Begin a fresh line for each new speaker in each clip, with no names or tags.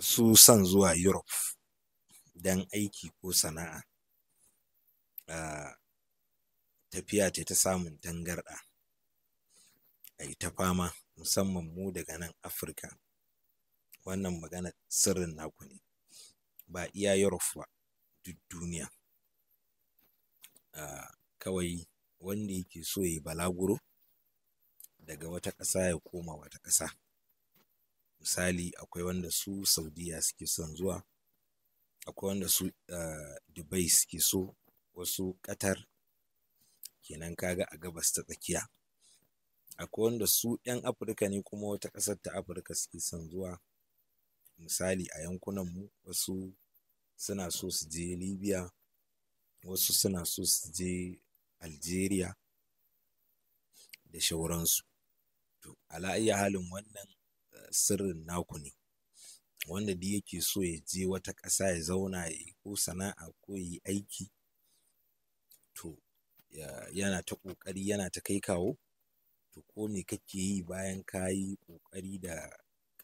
masu son zuwa Europe don aiki ko sana'a ah, tafiya ce ta samun tangarɗa a ta fama musamman mu daga nan Afirka wannan magana sirrin naku ne ba iya Europe ba duk duniya ah, kawai wanda yake so ya balaguro daga wata ƙasa ya koma wata ƙasa misali akwai wanda su saudiya suke son zuwa akwai wanda su ah, dubai suke so wasu qatar kenan kaga a gabas ta tsakiya akwai wanda su 'yan afirka ne kuma wata ƙasar ta afirka suke son zuwa misali a yankunan mu wasu suna so su je libya wasu suna so su je algeria da shauransu to ala iya halin wannan sirrin naku ne wanda da yake so ya je wata ƙasa ya zauna ya ko sana'a ko yi aiki to yana ta ƙoƙari yana ta kai kawo to ko me kake yi bayan ka yi ƙoƙari da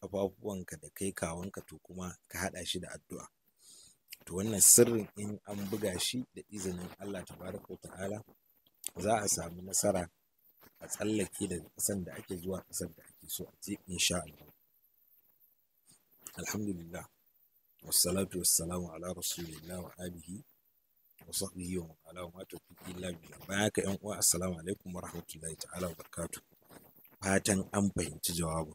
ƙafafuwanka da kai kawonka to kuma ka haɗa shi da addu'a to wannan sirrin in an buga shi da izinin Allah tabaraka ta'ala za a samu nasara a tsallake da ƙasan da ake zuwa ƙasar da ake so a insha Allah alhamdulillah wasalatu wassalamu ala rasulillah wa alihi wa sahbihi wa ala wa tawfiqi illa billah baya ka yan uwa assalamu alaikum wa rahmatullahi ta'ala wa barakatuh fatan an fahimci jawabin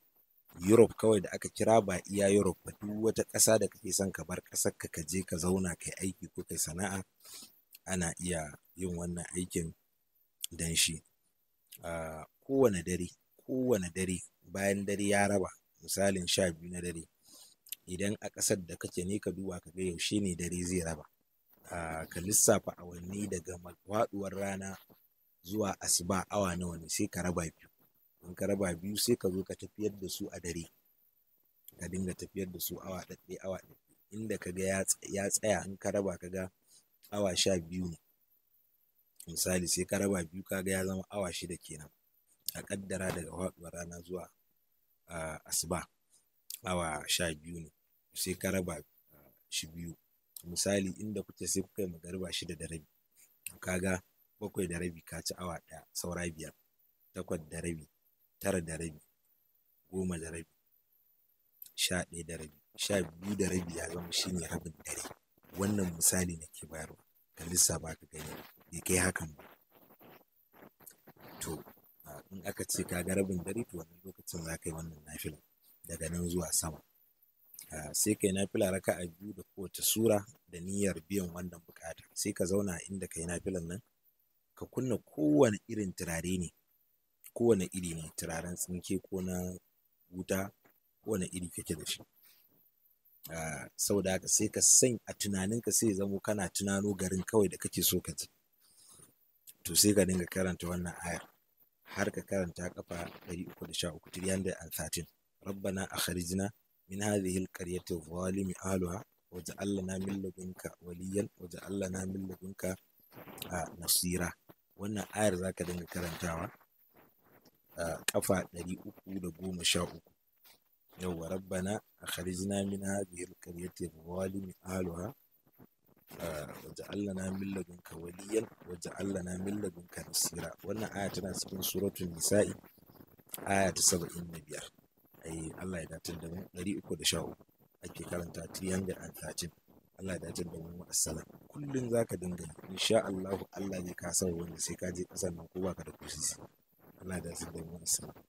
Europe kawai da aka kira ba iya Europe ba duk wata ƙasa da kake son ka bar ƙasar ka ka je ka zauna kai aiki ko kai sana'a ana iya yin wannan aikin dan shi kowane dare kowane dare bayan dare ya raba misalin sha biyu na dare idan a ƙasar da kake ne ka duba ka ga yaushe ne dare zai raba ka lissafa awanni daga faɗuwar rana zuwa asuba awa nawa ne sai ka raba biyu in ka raba biyu sai ka zo ka tafiyar da su a dare ka dinga tafiyar da su awa ɗaɗɗe awa ɗaɗɗe inda ka ga ya tsaya in ka raba ka ga awa sha biyu ne misali sai ka raba biyu ka ga ya zama awa shida kenan a ƙaddara daga faɗuwar rana zuwa asuba awa sha biyu ne sai ka raba shi biyu misali inda kuke sai kuka yi magariba shida da rabi kaga bakwai da rabi ka ci awa ɗaya saura biyar takwas da rabi tara da rabi goma da rabi sha ɗaya da rabi sha biyu da rabi ya zama shine rabin dare wannan misali ke bayarwa ka lissafa ka gani bai kai hakan ba in aka ce ka ga rabin dare to wannan lokacin za ka yi wannan nafila daga nan zuwa sama sai kai nafila raka a biyu da kowace sura da niyyar biyan wannan bukata sai ka zauna inda ka yi nafilan nan ka kunna kowane irin turare ne kowane iri ne turaren tsinke ko na wuta kowane iri kake da shi saboda haka sai ka san a tunaninka sai zamo kana tunano garin kawai da kake so ka ji to sai ka dinga karanta wannan ayar har ka karanta kafa 313 313 rabbana akhrijna min hadhihi alqaryati zalimi ahliha waj'al lana min ladunka waliyan waj'al lana min ladunka nasira wannan ayar zaka dinga karantawa kafa 313 yawwa rabbana akhrijna min hadhihi alqaryati zalimi ahliha waja'allana min ladunka waliyan waja'allana min ladunka nasira wannan aya tana cikin suratul nisa'i aya ta 75 ai Allah ya datar da mu 313 ake karanta 313 Allah ya datar da mu assalam kullun zaka dinga insha Allah Allah ne ka san wanda sai ka je kasan nan ko baka da kusisi Allah ya datar da mu assalam